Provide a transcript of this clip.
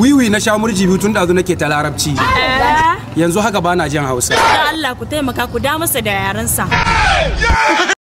wiwi na sha murji biyu tun ɗazu nake ta larabci eh. yanzu haka bana jin hausa Allah ku taimaka ku da masa da yarensa